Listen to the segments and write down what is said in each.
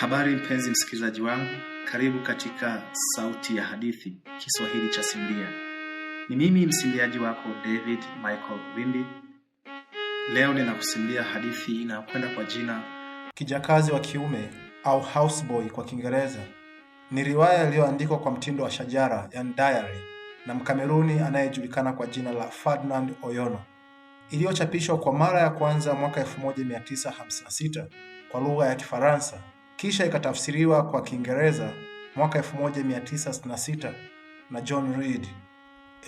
Habari mpenzi msikilizaji wangu, karibu katika Sauti ya Hadithi Kiswahili cha Simbia. Ni mimi msimbiaji wako David Michael Windi. Leo ninakusimbia hadithi inayokwenda kwa jina Kijakazi wa Kiume au Houseboy kwa Kiingereza. Ni riwaya iliyoandikwa kwa mtindo wa shajara, yani diary, na Mkameruni anayejulikana kwa jina la Ferdinand Oyono, iliyochapishwa kwa mara ya kwanza mwaka 1956 kwa lugha ya Kifaransa kisha ikatafsiriwa kwa Kiingereza mwaka 1966 na John Reed.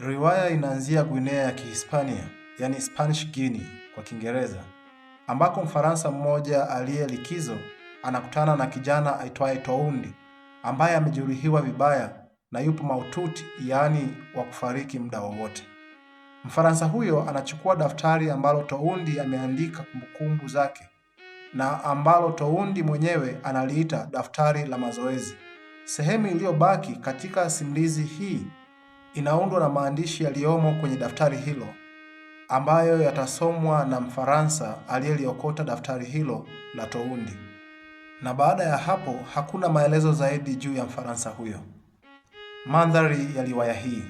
Riwaya inaanzia Guinea ya Kihispania, yani Spanish Guinea kwa Kiingereza, ambako Mfaransa mmoja aliye likizo anakutana na kijana aitwaye Toundi ambaye amejeruhiwa vibaya na yupo maututi, yaani wa kufariki muda wowote. Mfaransa huyo anachukua daftari ambalo Toundi ameandika kumbukumbu zake na ambalo Toundi mwenyewe analiita daftari la mazoezi. Sehemu iliyobaki katika simulizi hii inaundwa na maandishi yaliyomo kwenye daftari hilo ambayo yatasomwa na Mfaransa aliyeliokota daftari hilo la Toundi, na baada ya hapo hakuna maelezo zaidi juu ya Mfaransa huyo. Mandhari ya riwaya hii.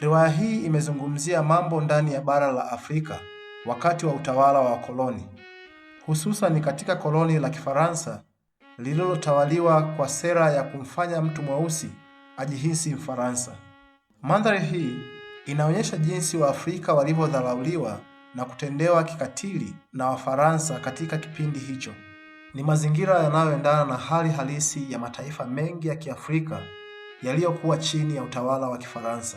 Riwaya hii imezungumzia mambo ndani ya bara la Afrika wakati wa utawala wa wakoloni hususan katika koloni la Kifaransa lililotawaliwa kwa sera ya kumfanya mtu mweusi ajihisi Mfaransa. Mandhari hii inaonyesha jinsi Waafrika walivyodharauliwa na kutendewa kikatili na Wafaransa katika kipindi hicho. Ni mazingira yanayoendana na hali halisi ya mataifa mengi ya Kiafrika yaliyokuwa chini ya utawala wa Kifaransa.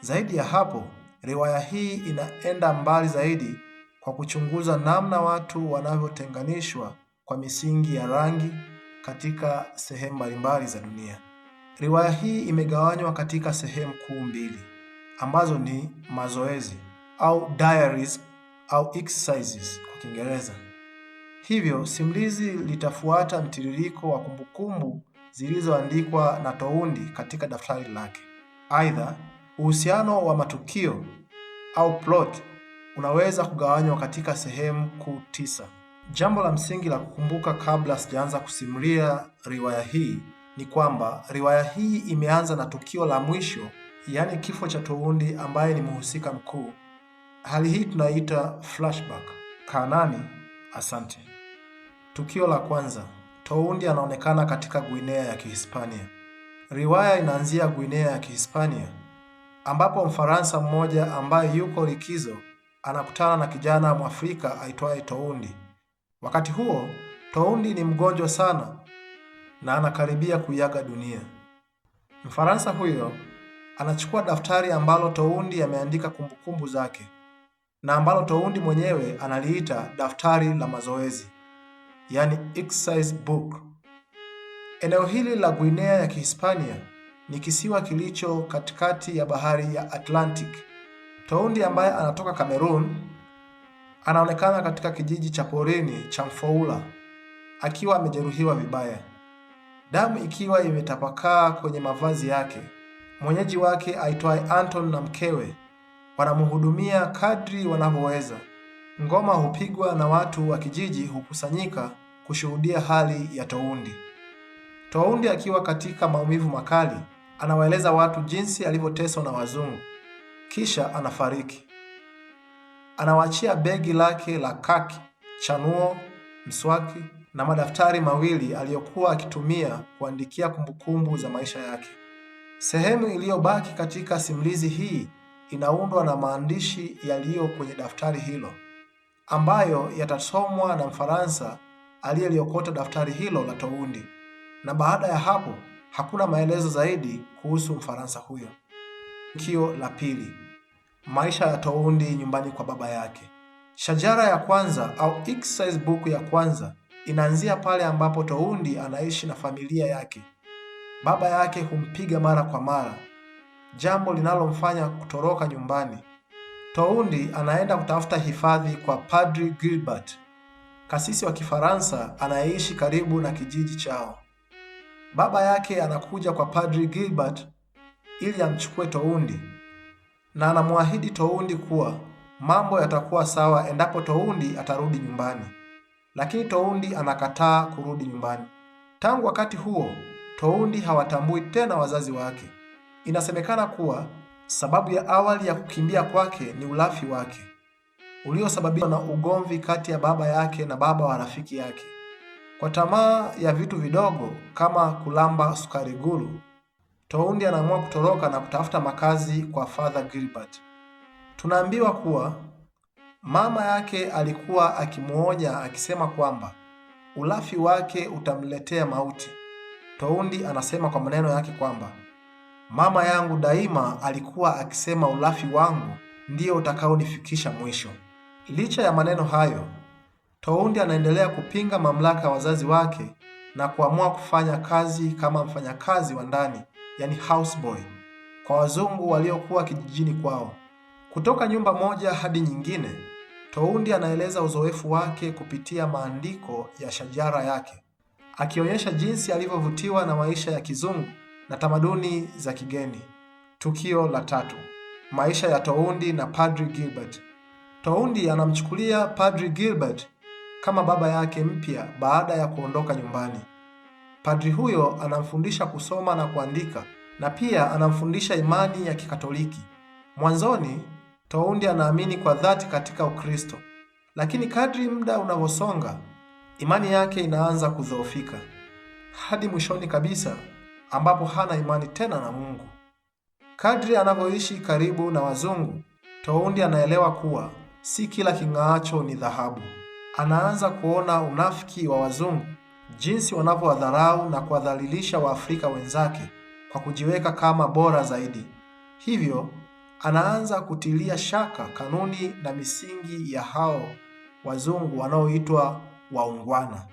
Zaidi ya hapo, riwaya hii inaenda mbali zaidi kwa kuchunguza namna watu wanavyotenganishwa kwa misingi ya rangi katika sehemu mbalimbali za dunia. Riwaya hii imegawanywa katika sehemu kuu mbili ambazo ni mazoezi au diaries au exercises kwa Kiingereza. Hivyo simulizi litafuata mtiririko wa kumbukumbu zilizoandikwa na Toundi katika daftari lake. Aidha, uhusiano wa matukio au plot unaweza kugawanywa katika sehemu kuu tisa. Jambo la msingi la kukumbuka kabla sijaanza kusimulia riwaya hii ni kwamba riwaya hii imeanza na tukio la mwisho, yaani kifo cha Toundi ambaye ni mhusika mkuu. Hali hii tunaiita flashback. Kanani, asante. Tukio la kwanza, Toundi anaonekana katika Guinea ya Kihispania. Riwaya inaanzia Guinea ya Kihispania ambapo Mfaransa mmoja ambaye yuko likizo anakutana na kijana Mwafrika aitwaye Toundi. Wakati huo Toundi ni mgonjwa sana na anakaribia kuiaga dunia. Mfaransa huyo anachukua daftari ambalo Toundi ameandika kumbukumbu zake na ambalo Toundi mwenyewe analiita daftari la mazoezi, yani exercise book. Eneo hili la Guinea ya Kihispania ni kisiwa kilicho katikati ya bahari ya Atlantic. Toundi ambaye anatoka Cameroon anaonekana katika kijiji cha porini cha Mfoula akiwa amejeruhiwa vibaya, damu ikiwa imetapakaa kwenye mavazi yake. Mwenyeji wake aitwaye Anton na mkewe wanamhudumia kadri wanavyoweza. Ngoma hupigwa na watu wa kijiji hukusanyika kushuhudia hali ya Toundi. Toundi akiwa katika maumivu makali, anawaeleza watu jinsi alivyoteswa na wazungu kisha anafariki. Anawaachia begi lake la kaki, chanuo, mswaki na madaftari mawili aliyokuwa akitumia kuandikia kumbukumbu za maisha yake. Sehemu iliyobaki katika simulizi hii inaundwa na maandishi yaliyo kwenye daftari hilo ambayo yatasomwa na Mfaransa aliyeliokota daftari hilo la Toundi, na baada ya hapo hakuna maelezo zaidi kuhusu Mfaransa huyo. Tukio la pili: maisha ya Toundi nyumbani kwa baba yake. Shajara ya kwanza au exercise book ya kwanza inaanzia pale ambapo Toundi anaishi na familia yake. Baba yake humpiga mara kwa mara, jambo linalomfanya kutoroka nyumbani. Toundi anaenda kutafuta hifadhi kwa Padri Gilbert, kasisi wa Kifaransa anayeishi karibu na kijiji chao. Baba yake anakuja kwa Padri Gilbert ili amchukue Toundi na anamwahidi Toundi kuwa mambo yatakuwa sawa endapo Toundi atarudi nyumbani, lakini Toundi anakataa kurudi nyumbani. Tangu wakati huo Toundi hawatambui tena wazazi wake. Inasemekana kuwa sababu ya awali ya kukimbia kwake ni ulafi wake uliosababishwa na ugomvi kati ya baba yake na baba wa rafiki yake kwa tamaa ya vitu vidogo kama kulamba sukari gulu Toundi anaamua kutoroka na kutafuta makazi kwa Father Gilbert. Tunaambiwa kuwa mama yake alikuwa akimuonya akisema kwamba ulafi wake utamletea mauti. Toundi anasema kwa maneno yake kwamba mama yangu daima alikuwa akisema ulafi wangu ndiyo utakaonifikisha mwisho. Licha ya maneno hayo, Toundi anaendelea kupinga mamlaka ya wazazi wake na kuamua kufanya kazi kama mfanyakazi wa ndani yani houseboy, kwa wazungu waliokuwa kijijini kwao. Kutoka nyumba moja hadi nyingine, Toundi anaeleza uzoefu wake kupitia maandiko ya shajara yake, akionyesha jinsi alivyovutiwa na maisha ya kizungu na tamaduni za kigeni. Tukio la tatu: maisha ya Toundi na Padri Gilbert. Toundi anamchukulia Padri Gilbert kama baba yake mpya baada ya kuondoka nyumbani. Padri huyo anamfundisha kusoma na kuandika na pia anamfundisha imani ya Kikatoliki. Mwanzoni, Toundi anaamini kwa dhati katika Ukristo, lakini kadri muda unavyosonga, imani yake inaanza kudhoofika hadi mwishoni kabisa ambapo hana imani tena na Mungu. Kadri anavyoishi karibu na wazungu, Toundi anaelewa kuwa si kila king'aacho ni dhahabu. Anaanza kuona unafiki wa wazungu jinsi wanavyowadharau na kuwadhalilisha Waafrika wenzake kwa kujiweka kama bora zaidi. Hivyo anaanza kutilia shaka kanuni na misingi ya hao wazungu wanaoitwa waungwana.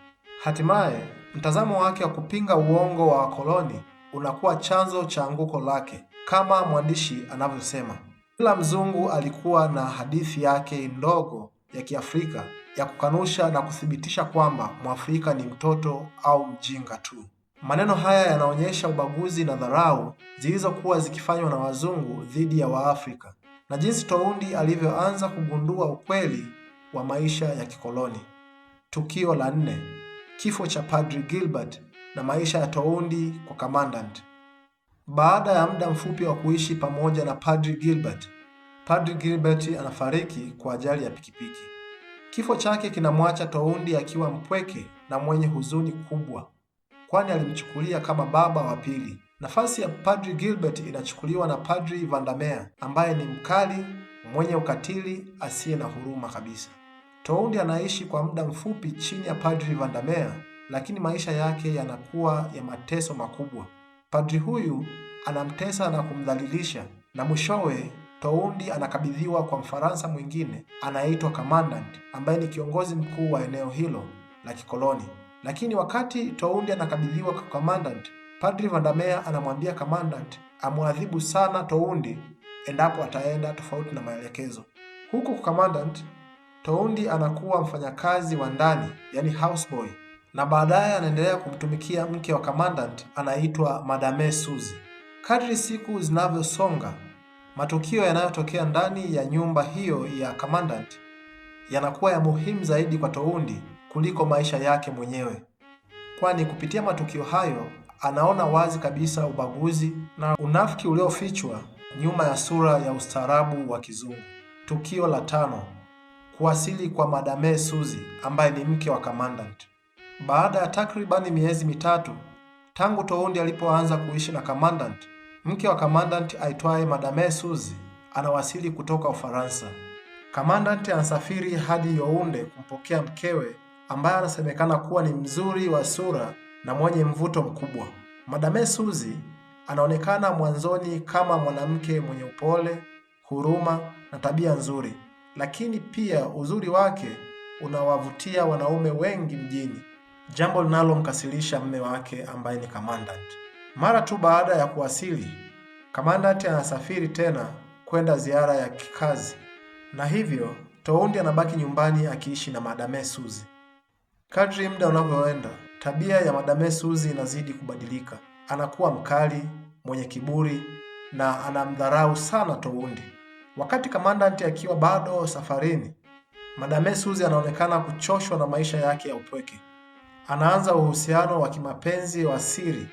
Hatimaye mtazamo wake wa kupinga uongo wa wakoloni unakuwa chanzo cha anguko lake. Kama mwandishi anavyosema, kila mzungu alikuwa na hadithi yake ndogo ya Kiafrika ya kukanusha na kuthibitisha kwamba Mwafrika ni mtoto au mjinga tu. Maneno haya yanaonyesha ubaguzi na dharau zilizokuwa zikifanywa na wazungu dhidi ya Waafrika na jinsi Toundi alivyoanza kugundua ukweli wa maisha ya kikoloni. Tukio la nne: kifo cha Padri Gilbert na maisha ya Toundi kwa Commandant. Baada ya muda mfupi wa kuishi pamoja na Padri Gilbert, Padri Gilbert anafariki kwa ajali ya pikipiki. Kifo chake kinamwacha Toundi akiwa mpweke na mwenye huzuni kubwa, kwani alimchukulia kama baba wa pili. Nafasi ya Padri Gilbert inachukuliwa na Padri vandamea ambaye ni mkali, mwenye ukatili, asiye na huruma kabisa. Toundi anaishi kwa muda mfupi chini ya Padri vandamea lakini maisha yake yanakuwa ya mateso makubwa. Padri huyu anamtesa na kumdhalilisha na mwishowe Toundi anakabidhiwa kwa Mfaransa mwingine anayeitwa Commandant ambaye ni kiongozi mkuu wa eneo hilo la kikoloni. Lakini wakati Toundi anakabidhiwa kwa Commandant, Padri Vandamea anamwambia Commandant amwadhibu sana Toundi endapo ataenda tofauti na maelekezo. Huku kwa Commandant, Toundi anakuwa mfanyakazi wa ndani, yani houseboy, na baadaye anaendelea kumtumikia mke wa Commandant anaitwa Madame Suzy. Kadri siku zinavyosonga Matukio yanayotokea ndani ya nyumba hiyo ya Commandant yanakuwa ya muhimu zaidi kwa Toundi kuliko maisha yake mwenyewe, kwani kupitia matukio hayo anaona wazi kabisa ubaguzi na unafiki uliofichwa nyuma ya sura ya ustaarabu wa kizungu. Tukio la tano: kuwasili kwa Madame suzi ambaye ni mke wa Commandant. Baada ya takribani miezi mitatu tangu Toundi alipoanza kuishi na Commandant Mke wa kamandanti aitwaye Madame Suzy anawasili kutoka Ufaransa. Kamandanti anasafiri hadi younde kumpokea mkewe ambaye anasemekana kuwa ni mzuri wa sura na mwenye mvuto mkubwa. Madame Suzy anaonekana mwanzoni kama mwanamke mwenye upole, huruma na tabia nzuri, lakini pia uzuri wake unawavutia wanaume wengi mjini, jambo linalomkasirisha mme wake ambaye ni Commandant. Mara tu baada ya kuwasili, kamandati anasafiri tena kwenda ziara ya kikazi na hivyo Toundi anabaki nyumbani akiishi na Madame Suzi. Kadri muda unavyoenda, tabia ya Madame Suzi inazidi kubadilika. Anakuwa mkali, mwenye kiburi na anamdharau sana Toundi. Wakati kamandanti akiwa bado safarini, Madame Suzi anaonekana kuchoshwa na maisha yake ya upweke. Anaanza uhusiano wa kimapenzi wa siri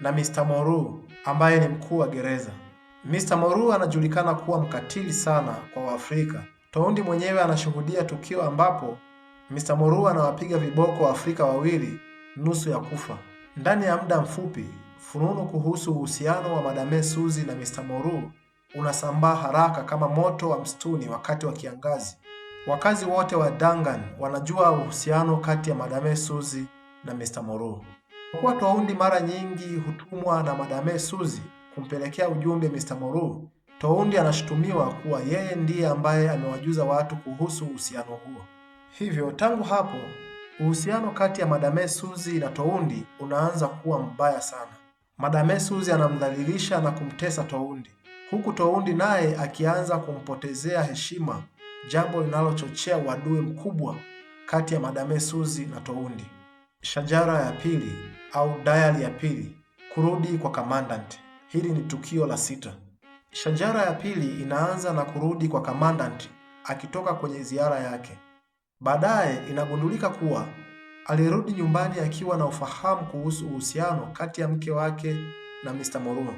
na Mr. Moru ambaye ni mkuu wa gereza. Mr. Moru anajulikana kuwa mkatili sana kwa Waafrika. Toundi mwenyewe anashuhudia tukio ambapo Mr. Moru anawapiga viboko Waafrika wawili nusu ya kufa. Ndani ya muda mfupi, fununu kuhusu uhusiano wa Madame Suzi na Mr. Moru unasambaa haraka kama moto wa msituni wakati wa kiangazi. Wakazi wote wa Dangan wanajua uhusiano kati ya Madame Suzi na Mr. Moru. Kwa kuwa Toundi mara nyingi hutumwa na Madame Suzi kumpelekea ujumbe Mr. Moru, Toundi anashutumiwa kuwa yeye ndiye ambaye amewajuza watu kuhusu uhusiano huo. Hivyo tangu hapo uhusiano kati ya Madame Suzi na Toundi unaanza kuwa mbaya sana. Madame Suzi anamdhalilisha na kumtesa Toundi, huku Toundi naye akianza kumpotezea heshima, jambo linalochochea uadui mkubwa kati ya Madame Suzi na Toundi. Shajara ya pili au dayali ya pili, kurudi kwa Commandant. Hili ni tukio la sita. Shajara ya pili inaanza na kurudi kwa Commandant akitoka kwenye ziara yake. Baadaye inagundulika kuwa alirudi nyumbani akiwa na ufahamu kuhusu uhusiano kati ya mke wake na Mr. Moruno.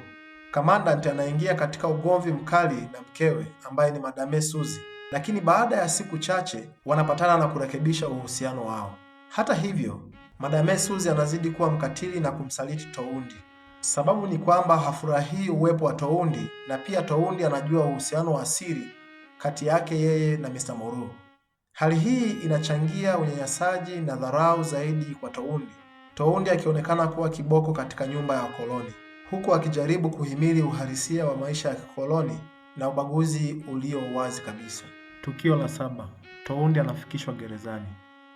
Commandant anaingia katika ugomvi mkali na mkewe ambaye ni Madame Suzy, lakini baada ya siku chache wanapatana na kurekebisha uhusiano wao. Hata hivyo, Madame Suzy anazidi kuwa mkatili na kumsaliti Toundi. Sababu ni kwamba hafurahii uwepo wa Toundi na pia Toundi anajua uhusiano wa siri kati yake yeye na Mr. Moru. Hali hii inachangia unyanyasaji na dharau zaidi kwa Toundi. Toundi akionekana kuwa kiboko katika nyumba ya wakoloni, huku akijaribu kuhimili uhalisia wa maisha ya kikoloni na ubaguzi ulio wazi kabisa. Tukio la saba, Toundi anafikishwa gerezani.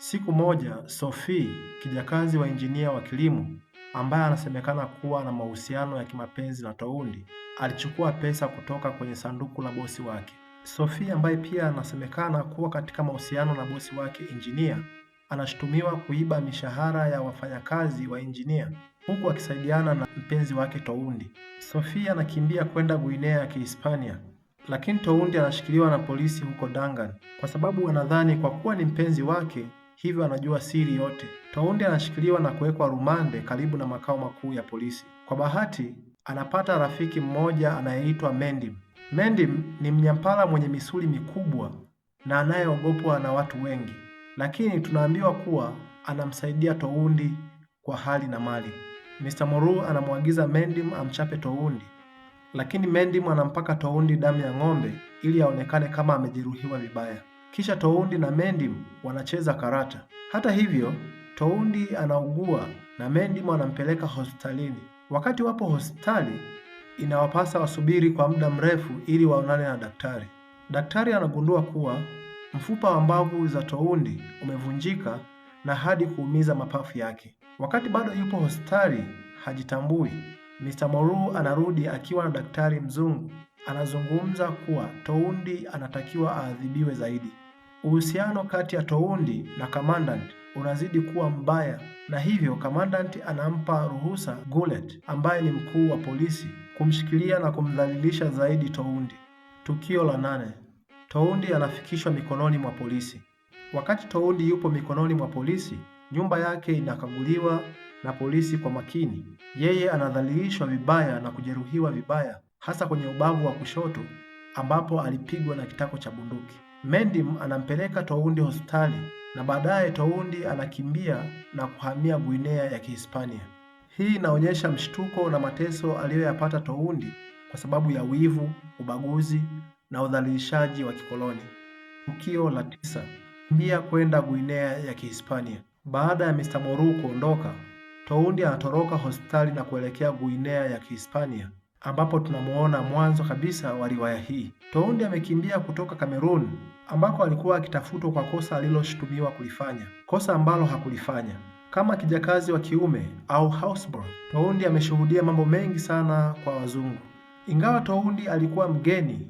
Siku moja Sophie, kijakazi wa injinia wa kilimo ambaye anasemekana kuwa na mahusiano ya kimapenzi na Toundi, alichukua pesa kutoka kwenye sanduku la bosi wake. Sophie ambaye pia anasemekana kuwa katika mahusiano na bosi wake injinia, anashutumiwa kuiba mishahara ya wafanyakazi wa injinia huku akisaidiana na mpenzi wake Toundi. Sophie anakimbia kwenda Guinea ya Kihispania, lakini Toundi anashikiliwa na polisi huko Dangan kwa sababu wanadhani kwa kuwa ni mpenzi wake hivyo anajua siri yote. toundi anashikiliwa na kuwekwa rumande karibu na makao makuu ya polisi. Kwa bahati, anapata rafiki mmoja anayeitwa Mendim. Mendim ni mnyampala mwenye misuli mikubwa na anayeogopwa na watu wengi, lakini tunaambiwa kuwa anamsaidia Toundi kwa hali na mali. Mr. Moru anamwagiza Mendim amchape Toundi, lakini Mendim anampaka Toundi damu ya ng'ombe ili aonekane kama amejeruhiwa vibaya. Kisha Toundi na Mendim wanacheza karata. Hata hivyo, Toundi anaugua na Mendim anampeleka hospitalini. Wakati wapo hospitali, inawapasa wasubiri kwa muda mrefu ili waonane na daktari. Daktari anagundua kuwa mfupa wa mbavu za Toundi umevunjika na hadi kuumiza mapafu yake. Wakati bado yupo hospitali, hajitambui. Mr. Moru anarudi akiwa na daktari mzungu. Anazungumza kuwa Toundi anatakiwa aadhibiwe zaidi. Uhusiano kati ya Toundi na Commandant unazidi kuwa mbaya na hivyo Commandant anampa ruhusa Gullet ambaye ni mkuu wa polisi kumshikilia na kumdhalilisha zaidi Toundi. Tukio la nane. Toundi anafikishwa mikononi mwa polisi. Wakati Toundi yupo mikononi mwa polisi, nyumba yake inakaguliwa na polisi kwa makini. Yeye anadhalilishwa vibaya na kujeruhiwa vibaya, hasa kwenye ubavu wa kushoto ambapo alipigwa na kitako cha bunduki. Mendim anampeleka Toundi hospitali na baadaye Toundi anakimbia na kuhamia Guinea ya Kihispania. Hii inaonyesha mshtuko na mateso aliyoyapata Toundi kwa sababu ya wivu, ubaguzi na udhalilishaji wa kikoloni. Tukio la tisa: kimbia kwenda Guinea ya Kihispania. Baada ya Mr. Moru kuondoka, Toundi anatoroka hospitali na kuelekea Guinea ya Kihispania ambapo tunamuona mwanzo kabisa wa riwaya hii. Toundi amekimbia kutoka Kamerun ambako alikuwa akitafutwa kwa kosa aliloshutumiwa kulifanya, kosa ambalo hakulifanya. Kama kijakazi wa kiume au houseboy, Toundi ameshuhudia mambo mengi sana kwa wazungu. Ingawa Toundi alikuwa mgeni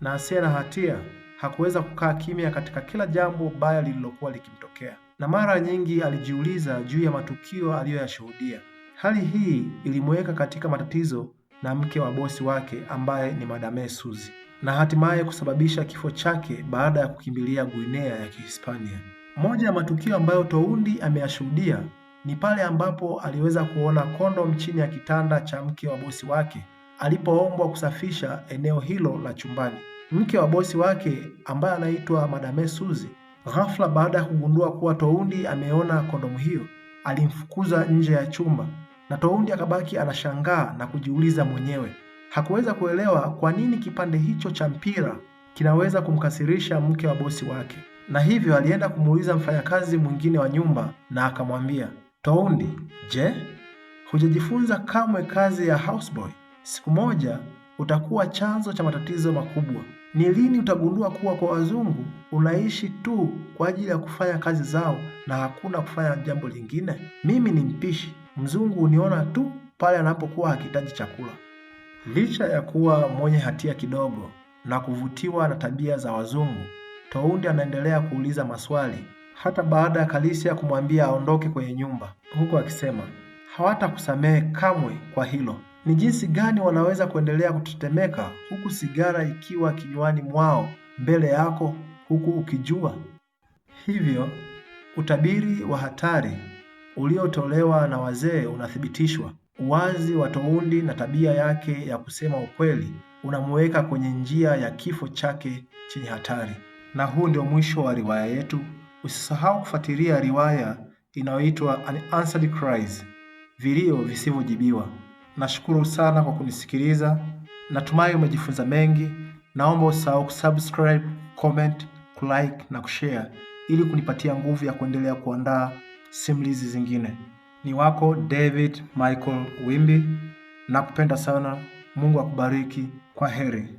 na asiye na hatia, hakuweza kukaa kimya katika kila jambo baya lililokuwa likimtokea, na mara nyingi alijiuliza juu ya matukio aliyoyashuhudia. Hali hii ilimuweka katika matatizo na mke wa bosi wake ambaye ni Madame Suzi na hatimaye kusababisha kifo chake baada ya kukimbilia Guinea ya Kihispania. Moja ya matukio ambayo Toundi ameyashuhudia ni pale ambapo aliweza kuona kondom chini ya kitanda cha mke wa bosi wake alipoombwa kusafisha eneo hilo la chumbani. Mke wa bosi wake ambaye anaitwa Madame Suzi, ghafla baada ya kugundua kuwa Toundi ameona kondomu hiyo, alimfukuza nje ya chumba na Toundi akabaki anashangaa na kujiuliza mwenyewe. Hakuweza kuelewa kwa nini kipande hicho cha mpira kinaweza kumkasirisha mke wa bosi wake, na hivyo alienda kumuuliza mfanyakazi mwingine wa nyumba na akamwambia, Toundi, je, hujajifunza kamwe kazi ya houseboy? Siku moja utakuwa chanzo cha matatizo makubwa. Ni lini utagundua kuwa kwa wazungu unaishi tu kwa ajili ya kufanya kazi zao na hakuna kufanya jambo lingine? Mimi ni mpishi, Mzungu huniona tu pale anapokuwa hakitaji chakula. Licha ya kuwa mwenye hatia kidogo na kuvutiwa na tabia za wazungu, Toundi anaendelea kuuliza maswali hata baada ya Kalisia kumwambia aondoke kwenye nyumba, huku akisema hawatakusamehe kamwe kwa hilo. Ni jinsi gani wanaweza kuendelea kutetemeka huku sigara ikiwa kinywani mwao mbele yako, huku ukijua hivyo utabiri wa hatari uliotolewa na wazee unathibitishwa. Uwazi wa Toundi na tabia yake ya kusema ukweli unamuweka kwenye njia ya kifo chake chenye hatari. Na huu ndio mwisho wa riwaya yetu. Usisahau kufuatilia riwaya inayoitwa Unanswered Cries, vilio visivyojibiwa. Nashukuru sana kwa kunisikiliza, natumai umejifunza mengi. Naomba usahau kusubscribe, comment, kulike na kushare ili kunipatia nguvu ya kuendelea kuandaa simulizi zingine. Ni wako David Michael Wimbi, nakupenda sana. Mungu akubariki. Kwa heri.